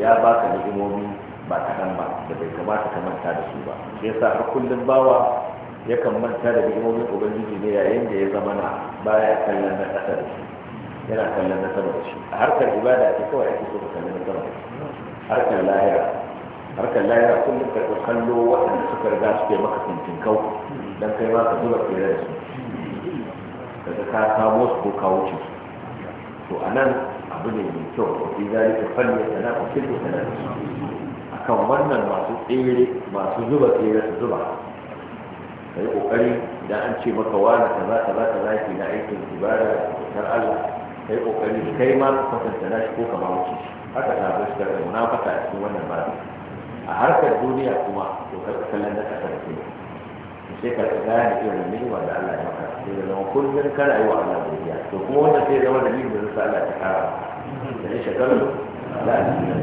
ya baka ni'imomi ba kaɗan ba da bai kamata ka manta da su ba shi yasa har kullum bawa yakan manta da ni'imomin ubangiji ne yayin da ya zama na baya kallon na ƙasa da shi yana kallon na sama da shi a harkar ibada ce kawai ake so ka kallon na sama da shi harkar lahira harkar lahira kullum ka kallo waɗanda suka riga suke maka kau don kai ma ka zuba tsere da su daga ka samo su ko ka wuce su to a nan abu ne mai kyau ko fi zari ta falle da na kusurku da su a kan wannan masu tsere masu zuba tsere su zuba kai ƙoƙari da an ce maka wani kaza kaza kaza ke na aikin ibada da Allah kai kokari kai ma ka kwatanta na shi ko ka wuce shi haka ta bar shi da munafaka a cikin wannan ba. a harkar duniya kuma to ka kallon da kasar ke sai ka gane irin ni'ima da Allah ya maka sai da zama kullum kana yi wa Allah godiya to kuma wannan sai zama da ni'imar da Allah ta kara da shi shagalu da Allah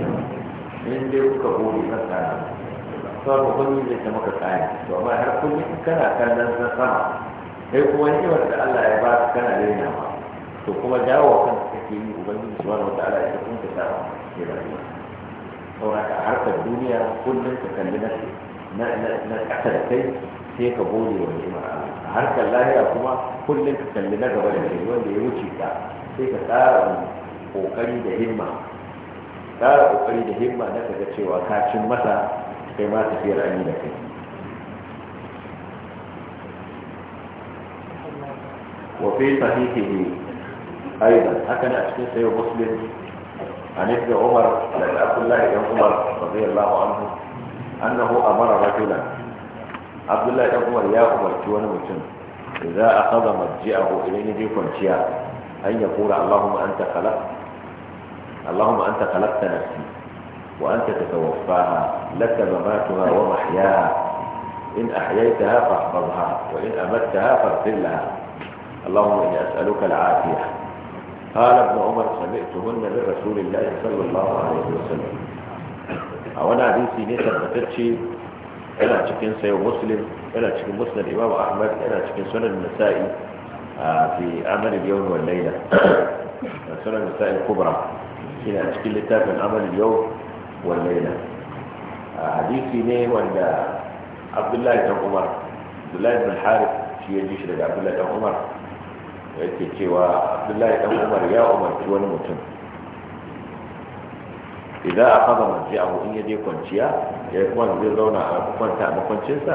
in dai kuka gode kan samu kullum zai ta maka kaya domin har kullum kana kallon na sama sai kuma ni'imar da Allah ya ba ka kana daina ma to kuma dawo kan kake yi ubangiji subhanahu wataala ya kunta ta ke rayuwa saboda ka harkar duniya kullum ka kalli na na ƙasa da kai sai ka gode wa ni'imar Allah a harkar lahira kuma kullum ka kalli na gaba da kai wanda ya wuce ka sai ka tsara kokari da himma tsara kokari da himma na kaga cewa ka cin masa sai ma tafiyar ani da kai wa fi sahihihi aidan hakan a cikin sayyid muslim an yi umar da abdullahi ibn umar radiyallahu anhu annahu amara rajulan abdullahi ibn ya umarci wani mutum za a kaza majji'ahu idan yaje kwanciya an ya kura allahumma anta khalaq allahumma anta khalaqta وأنت تتوفاها لك مماتها ومحياها إن أحييتها فاحفظها وإن أمتها فاغفر لها اللهم إني أسألك العافية قال ابن عمر سمعتهن من رسول الله صلى الله عليه وسلم أولا حديثي نيسا بقرشي أنا تشكين سيو مسلم أنا تشكين مسلم الإمام أحمد أنا تشكين سنن النسائي آه، في عمل اليوم والليلة (clears throat) سنن النسائي الكبرى هنا تشكين لتاب من عمل اليوم والليلة hadisi ne wanda abdullahi dan umar abdullahi bin الله بن الحارث شي يجيش لك عبد الله بن عمر yake cewa abdullahi dan umar ya umarci wani mutum idza aqada marji'ahu in yaje kwanciya ya kuma zai zauna a kwanta a makwancinsa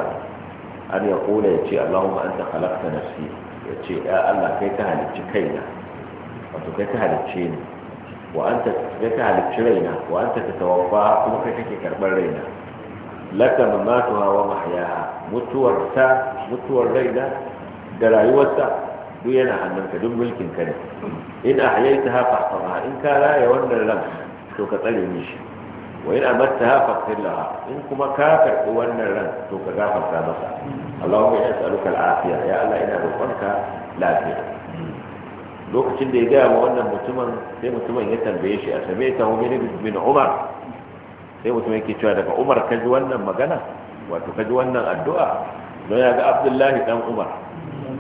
an ya kula ya ce allahumma anta khalaqta nafsi ya ce ya allah kai ka halicci kaina wato kai ka halicce ni wa anta ya ta halicci raina wa anta ta tawaffa kuma kai kake karɓar raina laka mamatuha wa mahyaha mutuwar mutuwar raina da rayuwarta duk yana hannunka duk mulkin ka ne in ahyaytaha fahfaha in ka raya wannan ran to ka tsare mishi wa in amattaha faghfir laha in kuma ka karɓi wannan ran to ka gafarta masa Allahumma ya as'aluka al-afiya ya Allah ina roƙonka lafiya lokacin da ya gaya wa wannan mutumin sai mutumin ya tambaye shi a same ta ne bin umar sai mutumin yake cewa daga umar ka ji wannan magana wato ka ji wannan addu'a don ya ga abdullahi dan umar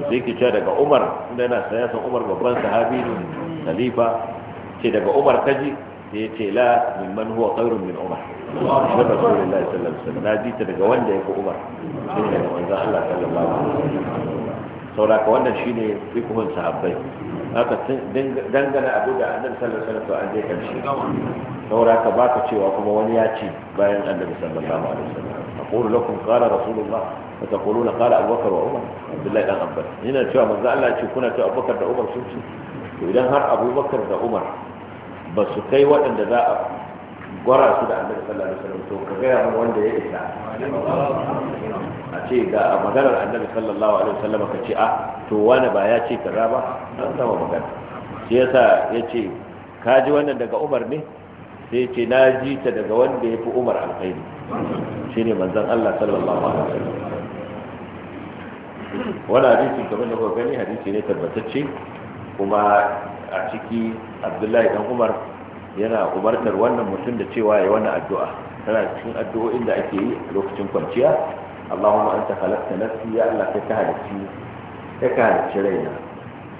sai yake cewa daga umar inda yana saya san umar babban sahabi ne khalifa ce daga umar ka ji sai ya ce la min man huwa khairun min umar da rasulullahi sallallahu alaihi wasallam na ji ta daga wanda yake umar sai daga manzon Allah sallallahu alaihi wasallam saboda shi wannan shine kuma sahabbai haka dangana abu da annabi sallallahu alaihi wasallam an je shi saboda ka baka cewa kuma wani ya ce bayan annabi sallallahu alaihi wasallam aqulu lakum qala rasulullah wa taquluna qala abubakar wa umar abdullahi dan abbas ina cewa manzo Allah ya ce kuna cewa abubakar da umar sun ce to idan har abubakar da umar ba su kai waɗanda za a gwara su da annabi sallallahu alaihi wasallam to ka gaya mun wanda ya isa a ce ga maganar annabi sallallahu alaihi wasallam ka ce a ah, to wani ba ya ce kaza ba an sama magana shi yasa ya ce ka ji wannan daga Umar ne sai ce na ji ta daga wanda ya fi Umar alkhairi shine manzon Allah sallallahu alaihi wasallam wani hadisi kamar da kuka gani hadisi ne tabbatacce kuma a ciki Abdullahi dan Umar yana umartar wannan mutum da cewa ya wani addu'a tana cikin addu'o'in da ake yi a lokacin kwanciya Allahumma halatta na nafsi ya Allah kai ka halicci kai ka halicci raina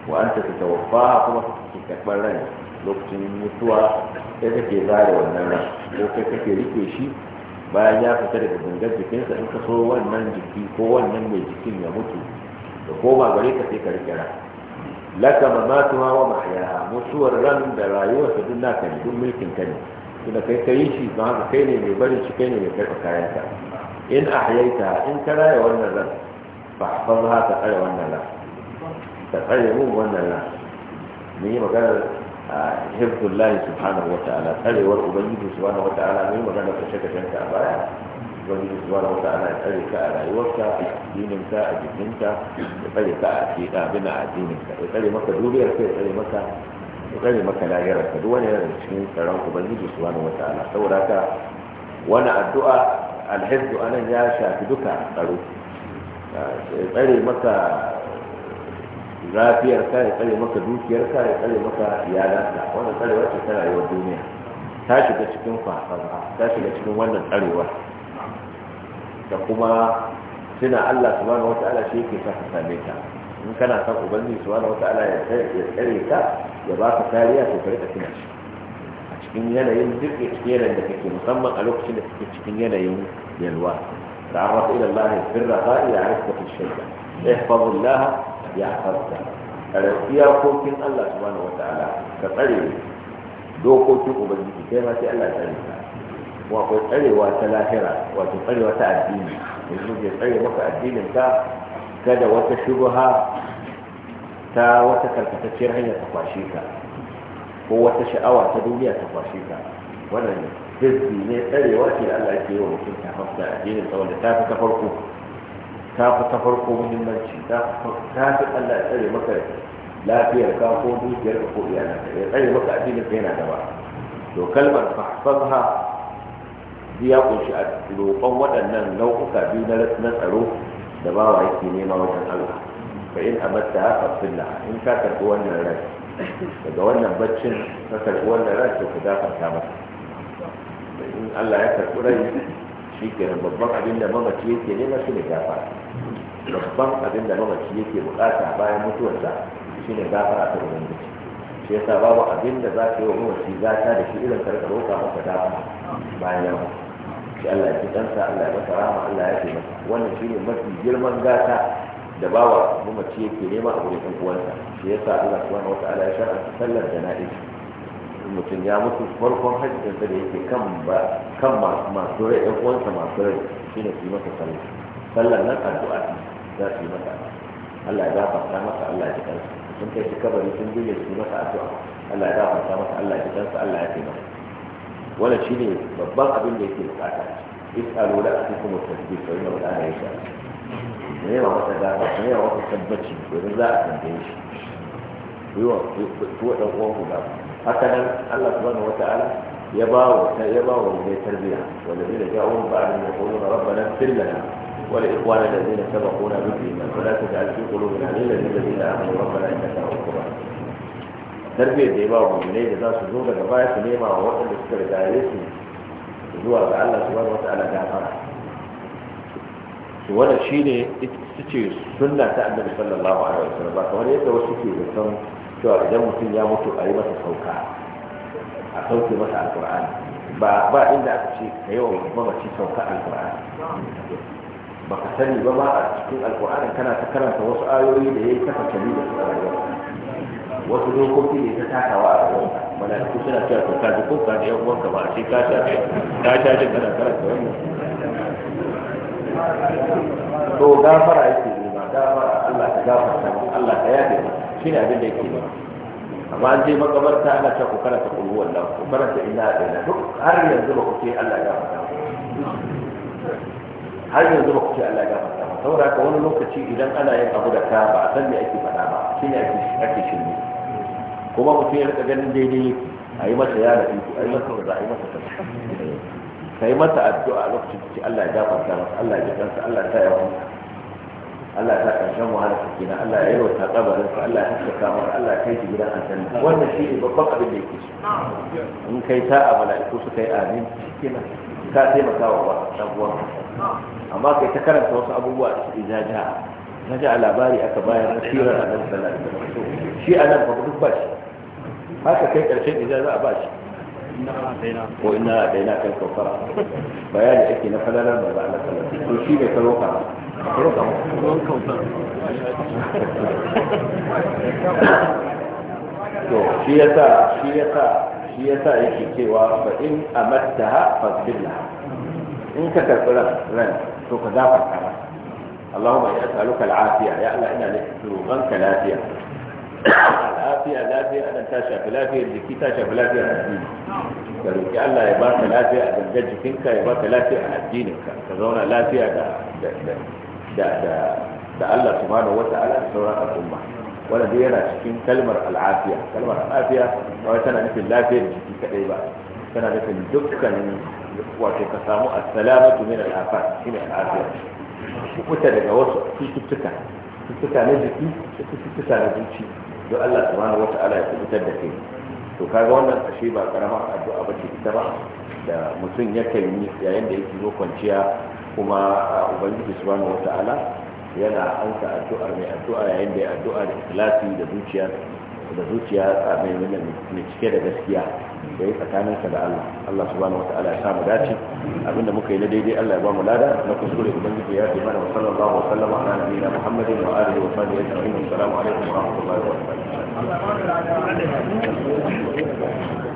wa anta kuma ta karɓar lokacin mutuwa ta kake zare wannan rai ko kai kake rike shi bayan ya fita daga gangar jikinsa in ka so wannan jiki ko wannan mai jikin ya mutu da koma gare ka sai ka rike rai laka mamatuha wa mahyaha mutuwar ran da rayuwar ta duk naka ne duk mulkin ka ne tunda kai ka yi shi ba haka kai ne mai barin shi kai ne mai karɓa kayan ka in ahyaita in ka raya wannan ran ba ba fa ka tsare wannan ran ka tsare mun wannan ran mun yi maganar hifzullahi subhanahu wa ta'ala tsarewar ubangiji subhanahu wa ta'ala mun yi magana kashe kashen ta a baya ubangiji subhanahu wataala ya tsare ka a rayuwarka a addininka a jikinka ya tsare ka a aƙida abin a addininka ya tsare maka duniyar ka ya tsare maka ya tsare maka lahirar ka duk wani yana cikin tsaron ubangiji subhanahu wataala saboda haka wani addu'a a nan ya shafi duka tsaro ya tsare maka lafiyar ka ya tsare maka dukiyar ka ya tsare maka iyalanka wannan tsarewar ce ta rayuwar duniya ta shiga cikin kwasan ta shiga cikin wannan tsarewar da kuma tuna Allah subhanahu ta'ala shi ke saka same ta in kana san ubangiji subhanahu ta'ala ya tsare ka ya ba ka kariya to kai ka tuna shi a cikin yanayin duk yanayin da kake musamman a lokacin da kake cikin yanayin yalwa تعرف إلى الله في الرخاء يعرفك في الشدة احفظ الله يحفظك iyakokin Allah subhanahu ta'ala ka tsare dokokin ubangiji kai ma sai Allah ya tsare ka wa tsarewa ta lahira wato tsarewa ta addini yanzu ke tsare maka addinin ka kada wata shubha ta wata karkatacciyar hanyar ta kwashe ka ko wata sha'awa ta duniya ta kwashe ka wannan hizbi ne tsarewa ke da Allah ke yi wa mutum ta hafsa addinin sa wanda ta fi ta farko ta fi ta farko muhimmanci ta fi Allah ya tsare maka lafiyar ka ko dukiyar ka ko iyalanka ya tsare maka addinin ka yana gaba to kalmar fahfazha duk ya kunshi a roƙon waɗannan nau'uka biyu na tsaro da ba wa yake nema wajen Allah fa in amatta fa'illa in ka karɓi wannan rai daga wannan baccin ka karɓi wannan rai to ka gafarta ba in Allah ya karɓi rai shi kenan babban abin da mamaci yake nema shi ne gafara babban abin da mamaci yake buƙata bayan mutuwarsa shi ne a ta ubangiji shi yasa babu abin da za ka yi wa mamaci za ta da shi irin karɓar roƙa maka gafara bayan ya shi Allah ya ɗansa Allah ya masa rama Allah ya taimaka wannan shine mafi girman gata da bawa mamaci yake nema a wurin ɗan uwansa shi yasa Allah subhanahu wataala ya shar'anta sallar jana'iz mutum ya mutu farkon hajjin da yake kan ba kan masu rai ɗan uwansa masu rai shine su yi masa sallar sallar nan addu'a za su yi masa Allah ya gafarta masa Allah ya ji ɗansa sun kai shi kabari sun juye su masa addu'a Allah ya gafarta masa Allah ya ji ɗansa Allah ya taimaka wannan shine babban abin da yake bukata is'alu la asikum tasbih fa inna la yasha ne yawa wata da ne yawa wata tabbaci domin za a tambaye shi yiwa ko dan uwan ku ba haka nan Allah subhanahu wata'ala ya ba wa ya ba wa mai tarbiya wanda zai ga uwan ba a wani da yaquluna rabbana ighfir lana wa li ikhwana alladhina sabaquna bil iman wa la taj'al zai qulubina ghillan lil ladzina amanu rabbana innaka ra'ufur rahim tarbiyyar da ya ba mu'minai da za su zo daga baya su nema wa waɗanda suka rigaye su zuwa ga Allah subhanahu wata'ala gafara to wannan shine su ce sunna ta annabi sallallahu alaihi wasallam ba kamar yadda wasu ke zaton cewa idan mutum ya mutu a yi masa sauka a sauke masa alqur'ani ba ba inda aka ce ka yi wa mamaci sauka alqur'ani ba ka sani ba ma a cikin alqur'ani kana ta karanta wasu ayoyi da yayi kafa kali da su a rayuwa wasu dokoki ne ta takawa a gaban mala'iku suna cewa to ka ji kuka da yan uwanka ba ce ka sha ka sha jin kana karanta wannan to gafara yake ne ba gafara Allah ka gafarta Allah ka yafe shi ne abin da yake ba amma an je makabarta ana ta ku karanta kullu wallahu ku karanta inna ilaha duk har yanzu ba ku ce Allah ya gafarta har yanzu ba ku ce Allah ya gafarta saboda ka wani lokaci idan ana yin abu da ka ba a san me ake faɗa ba shi ne ake shirme kuma mutum ya rika ganin daidai a yi masa yara iko a yi masa kaza a yi masa kaza ka yi masa addu'a lokacin da Allah ya gafarta masa Allah ya jikansa Allah ta yawa Allah ta karshen wahala ta kenan Allah ya yi ta kabarin sa Allah ya haskaka masa Allah ya kai shi gidan aljanna wannan shi ne babban abin da yake in kai ta a mala'iku suka yi amin kenan ka taimaka wa ba dan uwanka amma kai ta karanta wasu abubuwa da su jajaya. na ji a labari aka bayar na sirar a nan sallar shi a nan duk ba shi haka kai karshen idan za a ba shi ko ina da ina kan kawfara bayani ake na falalar da ba a sallar to shi ne karoka karoka to shi ya sa shi ya sa shi ya sa yake cewa fa in amatta fa in ka karɓi ran to ka gafarta masa اللهم إني أسألك العافية يا الله إنا لتوغنك العافية العافية العافية أنا تاشا في العافية الجكي تاشا في العافية الدين قالوا يا الله يبارك العافية بالجج فينك يبارك العافية على دينك كذونا العافية ده ده ده ده ده الله سبحانه وتعالى سورة الأمة ولا دي أنا شكين كلمة العافية كلمة العافية هو سنة نفي العافية الجكي كأيبا سنة نفي الدكة من وكي تسامو السلامة من العافية شنو العافية kuɓuta daga wasu cututtuka cututtuka na jiki da cututtuka na zuci don Allah subhanahu wata ala ya fitar da kai to kaga wannan ashe ba karama addu'a ba ce ita ba da mutum kai ni yayin da yake zo kwanciya kuma ubangiji subhanahu wata ala yana ansa addu'a mai addu'a yayin da ya addu'a da ikhlasi da zuciya da zuciya mai cike da gaskiya da yi tsakaninka da Allah Allah subhanahu wa ta'ala ya samu mu dace abinda muka yi na daidai Allah ya ba mu lada na kuskure ubangiji ya taimaka wa sallallahu alaihi wa sallam ala nabiyina Muhammadin wa alihi wa sahbihi ajma'in assalamu alaikum wa rahmatullahi wa barakatuh